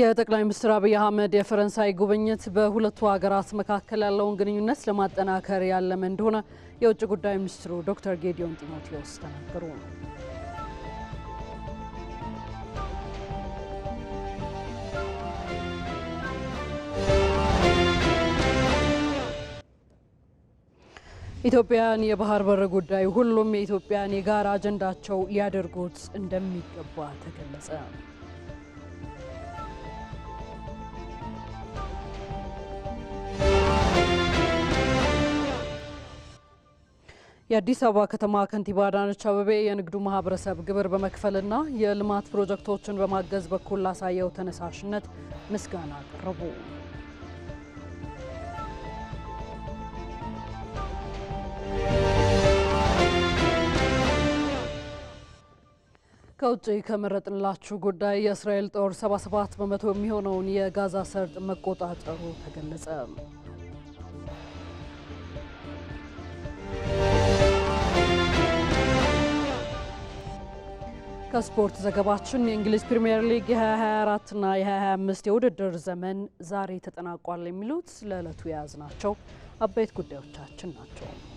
የጠቅላይ ሚኒስትር አብይ አህመድ የፈረንሳይ ጉብኝት በሁለቱ ሀገራት መካከል ያለውን ግንኙነት ለማጠናከር ያለመ እንደሆነ የውጭ ጉዳይ ሚኒስትሩ ዶክተር ጌዲዮን ጢሞቴዎስ ተናገሩ። ኢትዮጵያን የባህር በር ጉዳይ ሁሉም የኢትዮጵያን የጋራ አጀንዳቸው ሊያደርጉት እንደሚገባ ተገለጸ። የአዲስ አበባ ከተማ ከንቲባ አዳነች አቤቤ የንግዱ ማህበረሰብ ግብር በመክፈልና የልማት ፕሮጀክቶችን በማገዝ በኩል ላሳየው ተነሳሽነት ምስጋና አቀረቡ። ከውጭ ከመረጥንላችሁ ጉዳይ የእስራኤል ጦር 77 በመቶ የሚሆነውን የጋዛ ሰርጥ መቆጣጠሩ ተገለጸ። ከስፖርት ዘገባችን የእንግሊዝ ፕሪምየር ሊግ የ2024ና የ2025 የውድድር ዘመን ዛሬ ተጠናቋል። የሚሉት ለዕለቱ የያዝናቸው አበይት ጉዳዮቻችን ናቸው።